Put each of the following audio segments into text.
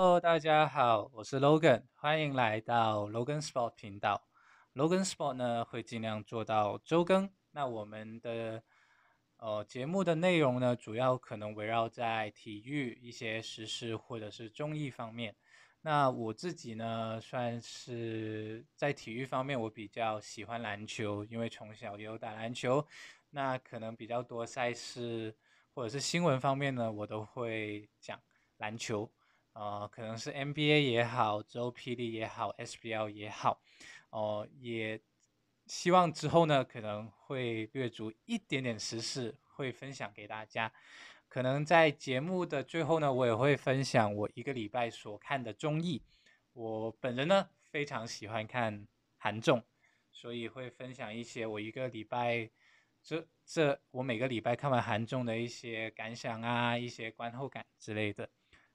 Hello，大家好，我是 Logan，歡迎來到 Logan Sport 頻道。Logan Sport 呢會盡量做到周更。那我們的呃節目的內容呢，主要可能圍繞在體育、一些時事或者是綜藝方面。那我自己呢，算是在體育方面，我比較喜歡籃球，因為從小也有打籃球。那可能比較多賽事或者是新聞方面呢，我都會講籃球。呃，可能是 NBA 也好，周 PD 也好，SBL 也好，哦、呃，也希望之後呢，可能會略足一點點時事，會分享給大家。可能在節目的最後呢，我也會分享我一個禮拜所看的綜藝。我本人呢，非常喜歡看韓綜，所以會分享一些我一個禮拜這這我每個禮拜看完韓綜的一些感想啊，一些觀後感之類的。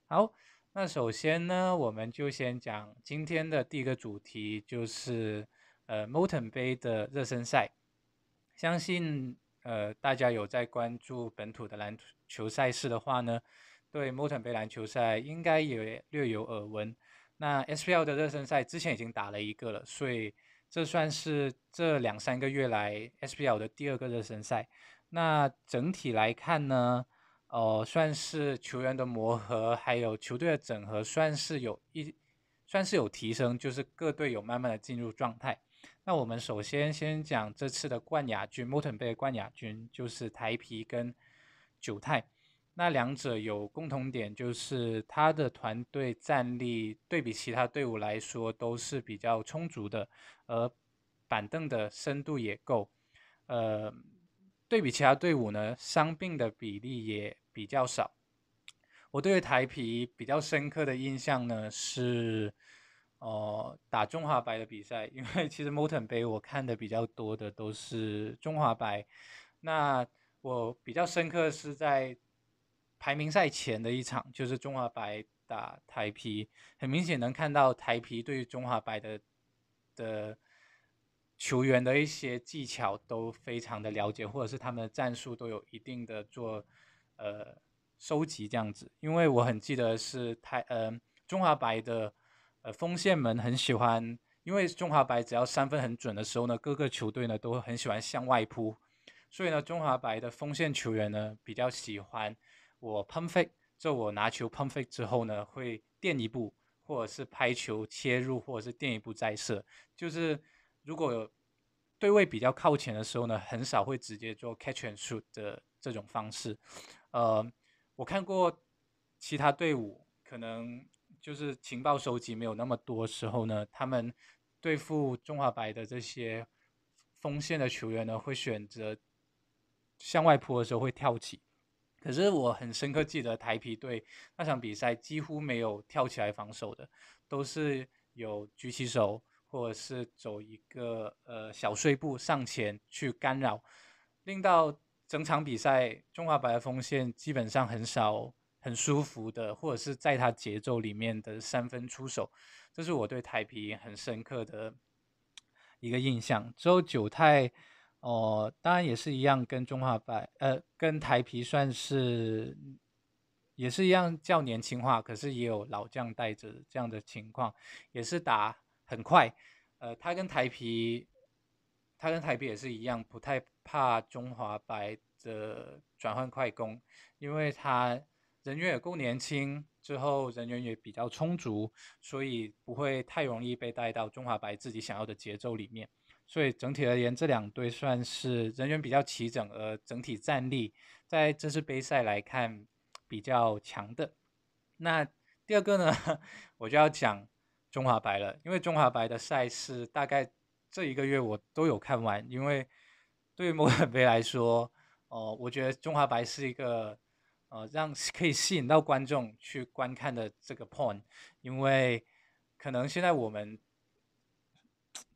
好。那首先呢，我們就先講今天的第一個主題，就是呃，摩天杯的熱身賽。相信呃大家有在關注本土的籃球賽事的話呢，對摩天杯籃球賽應該也略有耳聞。那 SBL 的熱身賽之前已經打了一個了，所以這算是這兩三個月來 SBL 的第二個熱身賽。那整體來看呢？呃、哦，算是球員的磨合，還有球隊的整合，算是有一，算是有提升，就是各隊有慢慢的進入狀態。那我們首先先講這次的冠亞軍，Molten 杯的冠亞軍就是台啤跟九太。那兩者有共同點，就是他的團隊戰力對比其他隊伍來說都是比較充足的，而板凳的深度也夠。呃，對比其他隊伍呢，傷病的比例也。比較少，我對於台啤比較深刻的印象呢是，哦、呃，打中華白的比賽，因為其實 Molten 杯我看的比較多的都是中華白，那我比較深刻是在排名賽前的一場，就是中華白打台啤，很明顯能看到台啤對於中華白的的球員的一些技巧都非常的了解，或者是他們的戰術都有一定的做。呃，收集這樣子，因為我很記得是台呃，中華白的，呃，鋒線們很喜歡，因為中華白只要三分很準的時候呢，各個球隊呢都會很喜歡向外撲，所以呢中華白的鋒線球員呢比較喜歡我 pump fake，就我拿球 pump fake 之後呢會墊一步，或者是拍球切入，或者是墊一步再射，就是如果有對位比較靠前的時候呢，很少會直接做 catch and shoot 的這種方式。呃，我看過其他隊伍，可能就是情報收集沒有那麼多時候呢，他們對付中華白的這些鋒線的球員呢，會選擇向外撲的時候會跳起。可是我很深刻記得台啤隊那場比賽幾乎沒有跳起來防守的，都是有舉起手或者是走一個呃小碎步上前去干擾，令到。整場比賽，中華白的鋒線基本上很少很舒服的，或者是在他節奏裡面的三分出手，這是我對台啤很深刻的一個印象。之後九太，哦，當然也是一樣，跟中華白，呃，跟台啤算是也是一樣較年輕化，可是也有老將帶着這樣的情況，也是打很快。呃，他跟台啤。他跟台北也是一樣，不太怕中華白的轉換快攻，因為他人員也夠年輕，之後人員也比較充足，所以不會太容易被帶到中華白自己想要的節奏裡面。所以整體而言，這兩隊算是人員比較齊整，而整體戰力在這次杯賽來看比較強的。那第二個呢，我就要講中華白了，因為中華白的賽事大概。這一個月我都有看完，因為對於摩根杯來說，哦、呃，我覺得中華白是一個，呃，讓可以吸引到觀眾去觀看的這個 point，因為可能現在我們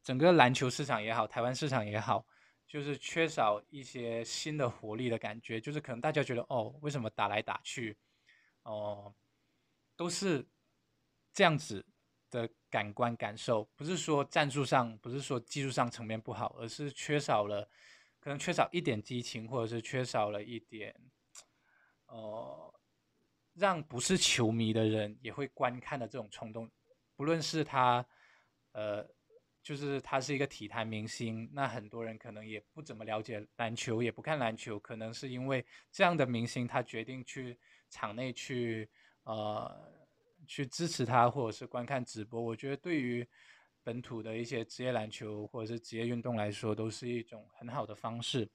整個籃球市場也好，台灣市場也好，就是缺少一些新的活力的感覺，就是可能大家覺得哦，為什麼打來打去，哦、呃，都是這樣子的。感官感受不是說戰術上，不是說技術上層面不好，而是缺少了，可能缺少一點激情，或者是缺少了一點，呃，讓不是球迷的人也會觀看的這種衝動。不論是他，呃，就是他是一個體壇明星，那很多人可能也不怎麼了解籃球，也不看籃球，可能是因為這樣的明星，他決定去場內去，呃。去支持他，或者是觀看直播，我覺得對於本土的一些職業籃球或者是職業運動來說，都是一種很好的方式。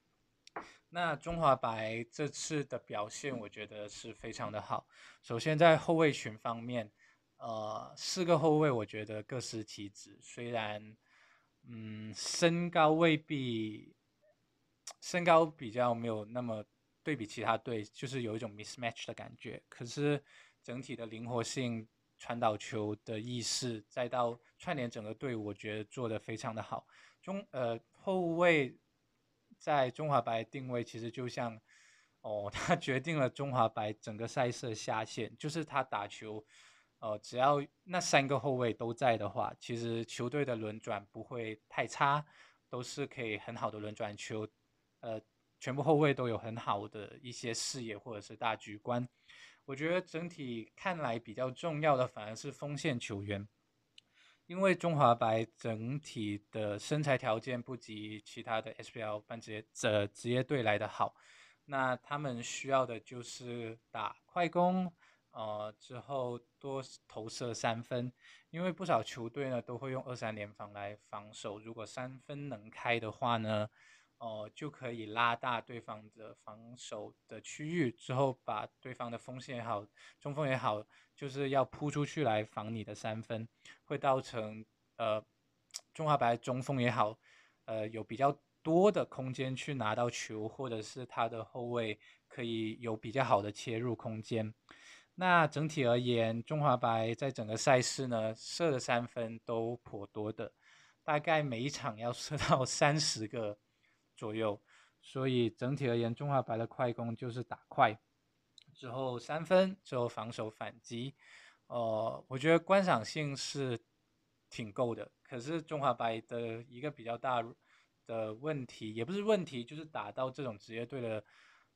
那中華白這次的表現，我覺得是非常的好。首先在後衛群方面，呃，四個後衛我覺得各司其職，雖然，嗯，身高未必，身高比較沒有那麼對比其他隊，就是有一種 mismatch 的感覺，可是。整體的靈活性、傳導球的意識，再到串聯整個隊，我覺得做得非常的好。中呃後衛在中華白定位其實就像哦，他決定了中華白整個賽事的下限，就是他打球，呃，只要那三個後衛都在的話，其實球隊的輪轉不會太差，都是可以很好的輪轉球，呃。全部後衛都有很好的一些視野或者是大局觀，我覺得整體看來比較重要的反而是鋒線球員，因為中華白整體的身材條件不及其他的 SBL 半職業者職業隊來得好，那他們需要的就是打快攻，呃之後多投射三分，因為不少球隊呢都會用二三聯防來防守，如果三分能開的話呢。哦，就可以拉大對方的防守的區域，之後把對方的鋒線也好、中鋒也好，就是要撲出去來防你的三分，會造成呃中華白中鋒也好，呃有比較多的空間去拿到球，或者是他的後衛可以有比較好的切入空間。那整體而言，中華白在整個賽事呢，射的三分都頗多的，大概每一場要射到三十個。左右，所以整體而言，中華白的快攻就是打快，之後三分，之後防守反擊。呃，我覺得觀賞性是挺夠的。可是中華白的一個比較大的問題，也不是問題，就是打到這種職業隊的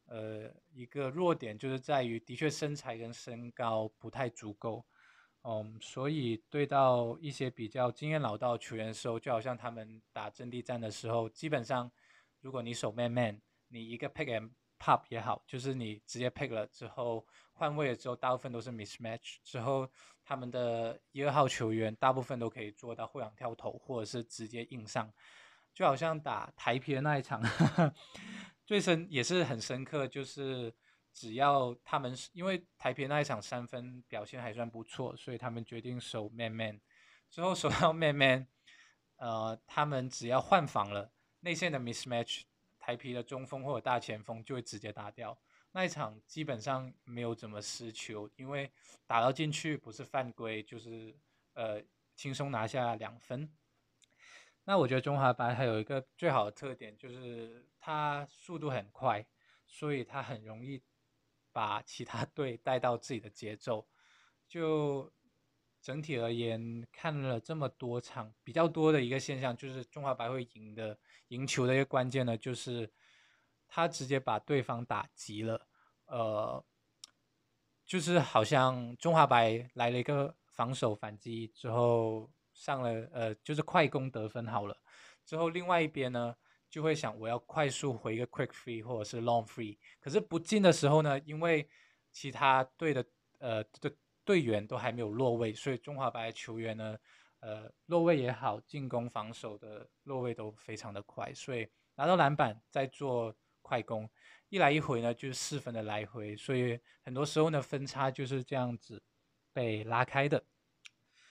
呃一個弱點，就是在於的確身材跟身高不太足夠。嗯，所以對到一些比較經驗老道球員的時候，就好像他們打陣地戰的時候，基本上。如果你守 man man，你一個 pick and pop 也好，就是你直接 pick 了之後換位了之後，大部分都是 mismatch。之後他們的一二號球員大部分都可以做到後仰跳投，或者是直接硬上。就好像打台啤的那一場，最 深也是很深刻，就是只要他們因為台啤的那一場三分表現還算不錯，所以他們決定守 man man。之後守到 man man，呃，他們只要換防了。內線的 mismatch，台啤的中鋒或者大前鋒就會直接打掉。那一場基本上沒有怎麼失球，因為打到進去不是犯規就是，呃，輕鬆拿下兩分。那我覺得中華白還有一個最好的特點就是它速度很快，所以它很容易把其他隊帶到自己的節奏，就。整體而言，看了這麼多場，比較多的一個現象就是中華白會贏的，贏球的一個關鍵呢，就是他直接把對方打急了，呃，就是好像中華白來了一個防守反擊之後上了，呃，就是快攻得分好了，之後另外一邊呢就會想我要快速回一個 quick three 或者是 long three，可是不進的時候呢，因為其他隊的呃的。隊員都還沒有落位，所以中華白球員呢，呃，落位也好，進攻、防守的落位都非常的快，所以拿到籃板再做快攻，一來一回呢就是四分的來回，所以很多時候呢分差就是這樣子被拉開的。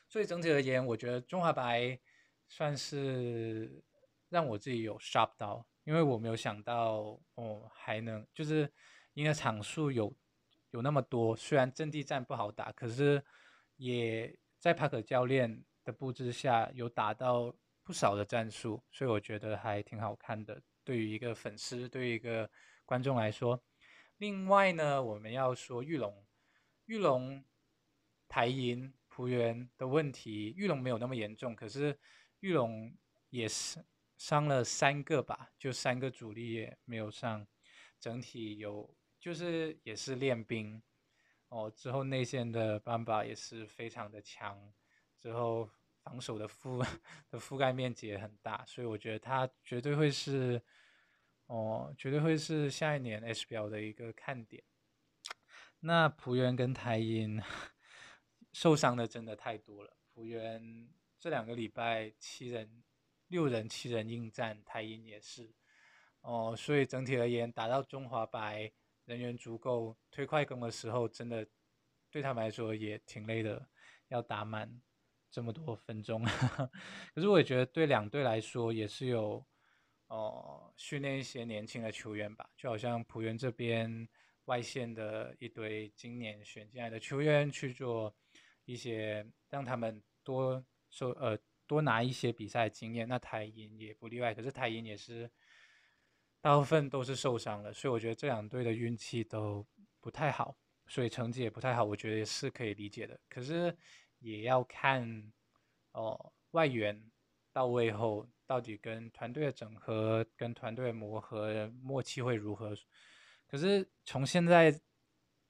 所以整體而言，我覺得中華白算是讓我自己有 sharp 到，因為我沒有想到哦還能就是因為場數有。有那麼多，雖然陣地戰不好打，可是也在帕克教練的布置下，有打到不少的戰術，所以我覺得還挺好看的。對於一個粉絲，對於一個觀眾來說，另外呢，我們要說裕隆、裕隆、台銀、璞園的問題，裕隆沒有那麼嚴重，可是裕隆也是傷了三個吧，就三個主力也沒有上，整體有。就是也是練兵，哦，之後內線的籃板也是非常的強，之後防守的覆的覆蓋面積也很大，所以我覺得他絕對會是，哦，絕對會是下一年 HBL 的一個看點。那璞園跟台銀受傷的真的太多了，璞園這兩個禮拜七人六人七人應戰，台銀也是，哦，所以整體而言打到中華白。人員足夠推快攻的時候，真的對他們來說也挺累的，要打滿這麼多分鐘。 可是我也覺得對兩隊來說也是有哦，呃、訓練一些年輕的球員吧，就好像璞園這邊外線的一堆今年選進來的球員去做一些，讓他們多收呃多拿一些比賽經驗。那台銀也不例外，可是台銀也是。大部分都是受傷了，所以我覺得這兩隊的運氣都不太好，所以成績也不太好，我覺得也是可以理解的。可是也要看哦，外援到位後到底跟團隊的整合、跟團隊的磨合、默契會如何？可是從現在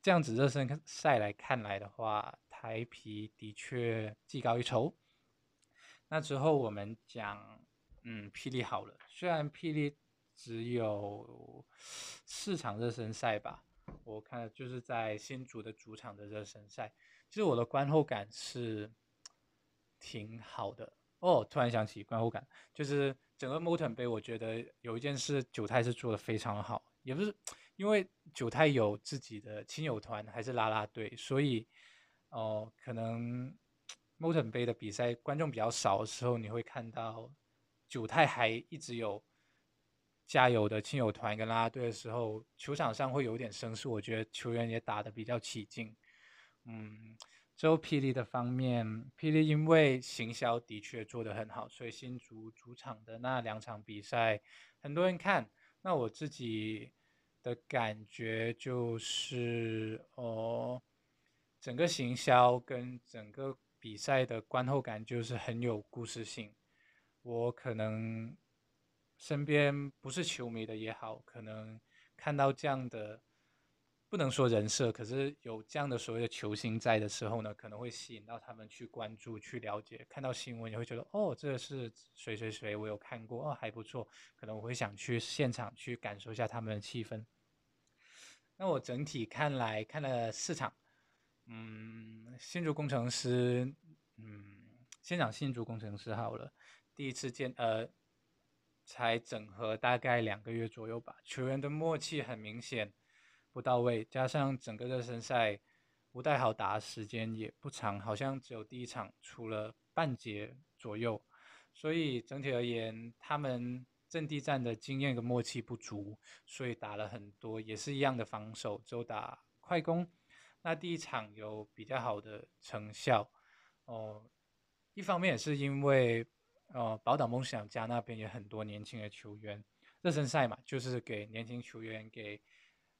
這樣子熱身賽來看來的話，台啤的確技高一籌。那之後我們講嗯，霹靂好了，雖然霹靂。只有四場熱身賽吧，我看就是在新竹的主場的熱身賽。其實我的觀後感是挺好的哦。突然想起觀後感，就是整個 Molten 杯，我覺得有一件事九太是做的非常好，也不是因為九太有自己的親友團還是啦啦隊，所以哦、呃，可能 Molten 杯的比賽觀眾比較少的時候，你會看到九太還一直有。加油的親友團跟啦啦隊的時候，球場上會有點生疏。我覺得球員也打得比較起勁，嗯。之後霹靂的方面，霹靂因為行銷的確做得很好，所以新竹主場的那兩場比賽，很多人看。那我自己的感覺就是，哦，整個行銷跟整個比賽的觀後感就是很有故事性。我可能。身邊不是球迷的也好，可能看到這樣的，不能說人設，可是有這樣的所謂的球星在的時候呢，可能會吸引到他們去關注、去了解。看到新聞也會覺得哦，這是誰誰誰，我有看過，哦，還不錯，可能我會想去現場去感受一下他們的氣氛。那我整體看來看了市場，嗯，新竹工程師，嗯，先講新竹工程師好了，第一次見，呃。才整合大概兩個月左右吧，球員的默契很明顯，不到位，加上整個熱身賽不太好打，時間也不長，好像只有第一場出了半節左右，所以整體而言，他們陣地戰的經驗跟默契不足，所以打了很多也是一樣的防守，只有打快攻。那第一場有比較好的成效，哦，一方面也是因為。呃，哦，寶島夢想家那邊有很多年輕的球員。熱身賽嘛，就是給年輕球員給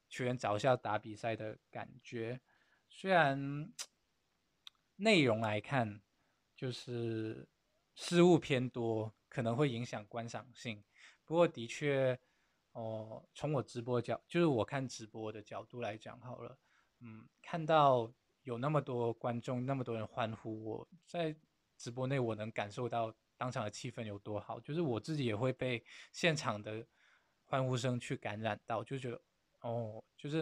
球員找一下打比賽的感覺。雖然內容來看就是失誤偏多，可能會影響觀賞性。不過的確，哦，從我直播角，就是我看直播的角度來講好了。嗯，看到有那麼多觀眾，那麼多人歡呼，我在直播內我能感受到。當場的氣氛有多好，就是我自己也會被現場的歡呼聲去感染到，就覺得哦，就是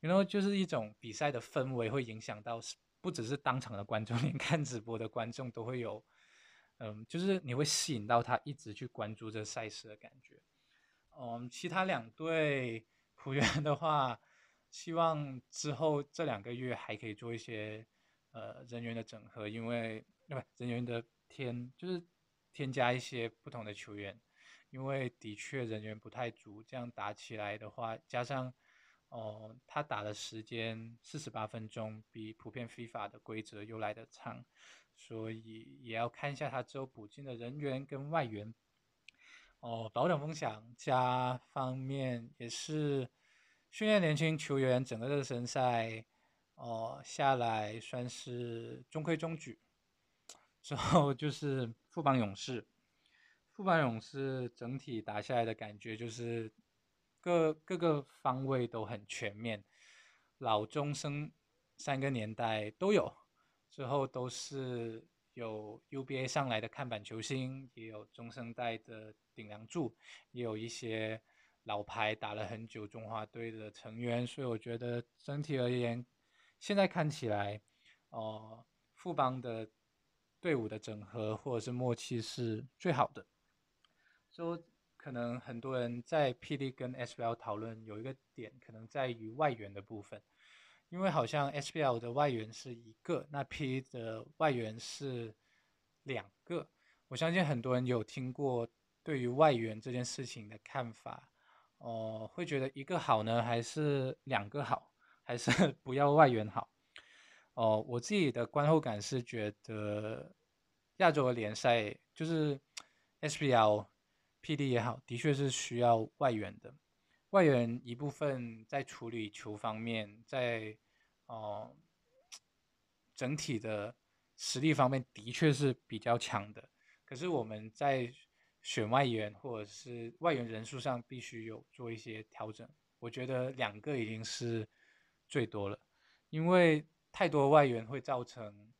因為 you know, 就是一種比賽的氛圍會影響到，不只是當場的觀眾，連看直播的觀眾都會有，嗯，就是你會吸引到他一直去關注這賽事的感覺。嗯，其他兩隊球員的話，希望之後這兩個月還可以做一些呃人員的整合，因為不人員的。添就是添加一些不同的球員，因為的確人員不太足，這樣打起來的話，加上哦、呃、他打的時間四十八分鐘，比普遍 FIBA 的規則又來得長，所以也要看一下他之後補進的人員跟外援。哦，寶島夢想家方面也是訓練年輕球員，整個熱身賽哦、呃、下來算是中規中矩。之後就是富邦勇士，富邦勇士整體打下來的感覺就是各各個方位都很全面，老中生三個年代都有，之後都是有 UBA 上來的看板球星，也有中生代的頂樑柱，也有一些老牌打了很久中華隊的成員，所以我覺得整體而言，現在看起來，哦、呃，富邦的。隊伍的整合或者是默契是最好的。就、so, 可能很多人在 P+ 跟 SBL 討論有一個點，可能在於外援的部分，因為好像 SBL 的外援是一個，那 P 的外援是兩個。我相信很多人有聽過對於外援這件事情的看法，呃，會覺得一個好呢，還是兩個好，還是不要外援好？哦，我自己的觀後感是覺得，亞洲的聯賽就是 SBL、PD 也好，的確是需要外援的。外援一部分在處理球方面，在哦整體的實力方面，的確是比較強的。可是我們在選外援或者是外援人數上，必須有做一些調整。我覺得兩個已經是最多了，因為。太多外援會造成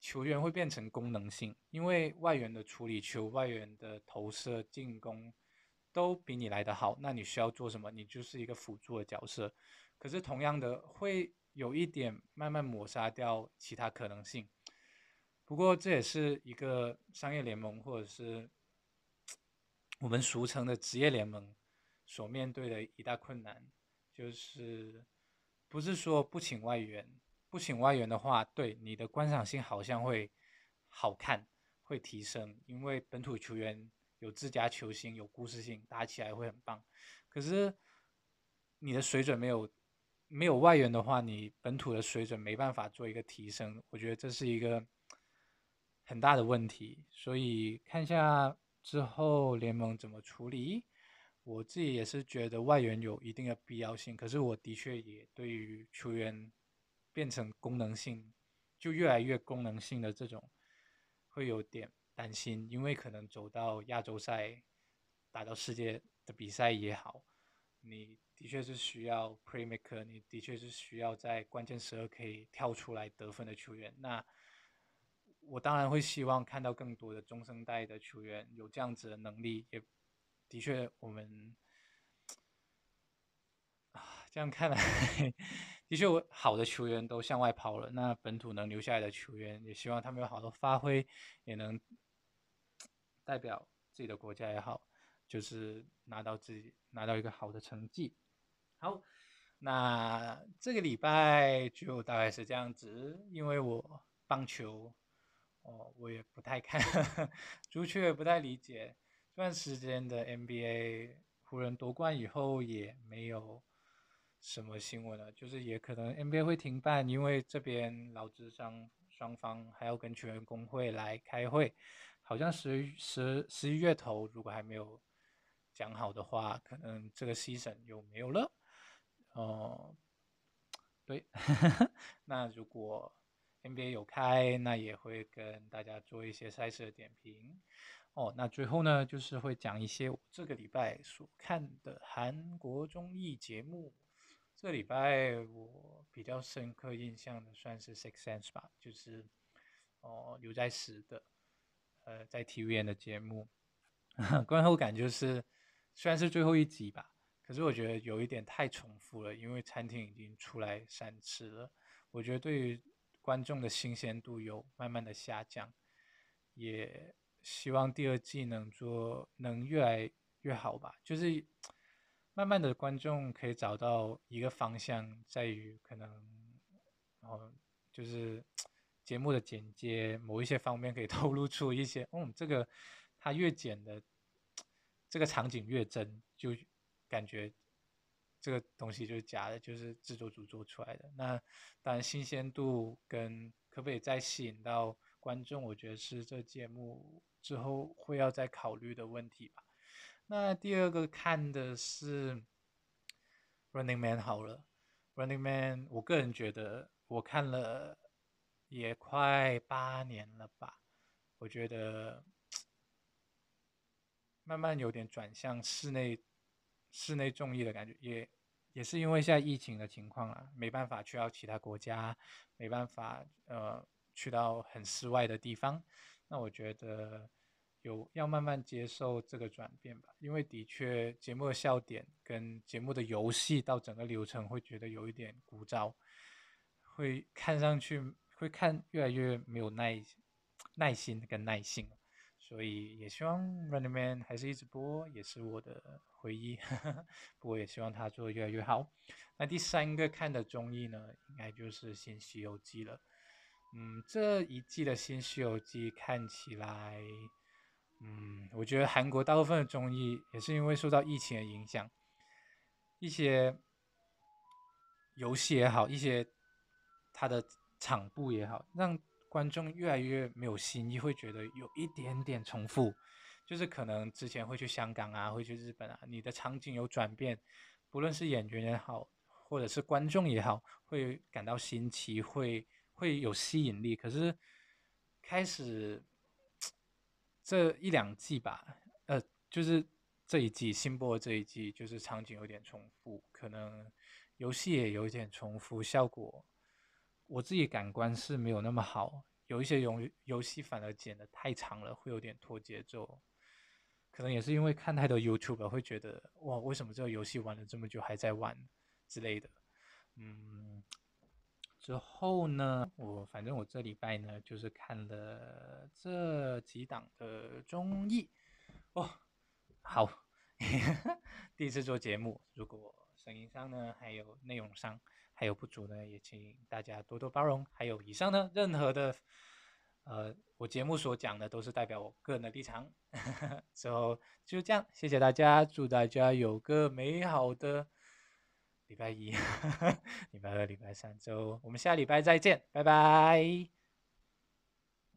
球員會變成功能性，因為外援的處理球、外援的投射、進攻都比你來得好，那你需要做什麼？你就是一個輔助的角色。可是同樣的，會有一點慢慢抹殺掉其他可能性。不過這也是一個商業聯盟，或者是我們俗稱的職業聯盟所面對的一大困難，就是。不是說不請外援，不請外援的話，對你的觀賞性好像會好看，會提升，因為本土球員有自家球星，有故事性，打起來會很棒。可是你的水準沒有沒有外援的話，你本土的水準沒辦法做一個提升，我覺得這是一個很大的問題。所以看一下之後聯盟怎麼處理。我自己也是覺得外援有一定的必要性，可是我的確也對於球員變成功能性，就越來越功能性的這種，會有點擔心，因為可能走到亞洲賽，打到世界的比賽也好，你的確是需要 playmaker，你的確是需要在關鍵時刻可以跳出來得分的球員。那我當然會希望看到更多的中生代的球員有這樣子的能力，也。的確，我們這樣看來，的確，我好的球員都向外跑了。那本土能留下來的球員，也希望他們有好的發揮，也能代表自己的國家也好，就是拿到自己拿到一個好的成績。好，那這個禮拜就大概是這樣子，因為我棒球，哦，我也不太看，朱雀也不太理解。這段時間的 NBA 湖人奪冠以後也沒有什麼新聞了，就是也可能 NBA 會停辦，因為這邊勞資雙方還要跟全員工會來開會，好像十十十一月頭如果還沒有講好的話，可能這個 season 又沒有了。哦、呃，對， 那如果 NBA 有開，那也會跟大家做一些賽事的點評。哦，那最後呢，就是會講一些我這個禮拜所看的韓國綜藝節目。這個、禮拜我比較深刻印象的算是《Sixense s》吧，就是哦劉在石的呃在體育 n 的節目。觀後感就是，雖然是最後一集吧，可是我覺得有一點太重複了，因為餐廳已經出來三次了。我覺得對於觀眾的新鮮度有慢慢的下降，也。希望第二季能做能越來越好吧，就是慢慢的觀眾可以找到一個方向，在於可能，然後就是節目的剪接，某一些方面可以透露出一些，嗯，這個它越剪的這個場景越真，就感覺這個東西就是假的，就是製作組做出來的。那當然新鮮度跟可不可以再吸引到觀眾，我覺得是這節目。之後會要再考慮的問題吧。那第二個看的是 Man 好了《Running Man》好了，《Running Man》我個人覺得我看了也快八年了吧，我覺得慢慢有點轉向室內室內綜藝的感覺，也也是因為現在疫情的情況啊，沒辦法去到其他國家，沒辦法呃。去到很室外的地方，那我覺得有要慢慢接受這個轉變吧，因為的確節目的笑點跟節目的遊戲到整個流程會覺得有一點枯燥，會看上去會看越來越沒有耐耐心跟耐性，所以也希望 Running Man 還是一直播，也是我的回憶，哈哈哈，不過也希望他做得越來越好。那第三個看的綜藝呢，應該就是新《西遊記》了。嗯，這一季的新《西遊記》看起來，嗯，我覺得韓國大部分的綜藝也是因為受到疫情的影響，一些遊戲也好，一些它的場布也好，讓觀眾越來越沒有新意，會覺得有一點點重複。就是可能之前會去香港啊，會去日本啊，你的場景有轉變，不論是演員也好，或者是觀眾也好，會感到新奇，會。會有吸引力，可是開始這一兩季吧，呃，就是這一季新播的這一季，就是場景有點重複，可能遊戲也有點重複，效果我自己感官是沒有那麼好，有一些遊遊戲反而剪得太長了，會有點脫節奏，可能也是因為看太多 YouTube，會覺得哇，為什麼這個遊戲玩了這麼久還在玩之類的，嗯。之後呢，我反正我這禮拜呢就是看了這幾檔的綜藝，哦，好， 第一次做節目，如果聲音上呢還有內容上還有不足呢，也請大家多多包容。還有以上呢任何的，呃，我節目所講的都是代表我個人的立場。 之後就這樣，謝謝大家，祝大家有個美好的。禮禮拜一， 禮拜二、禮拜三，就我們下禮拜再見，拜拜。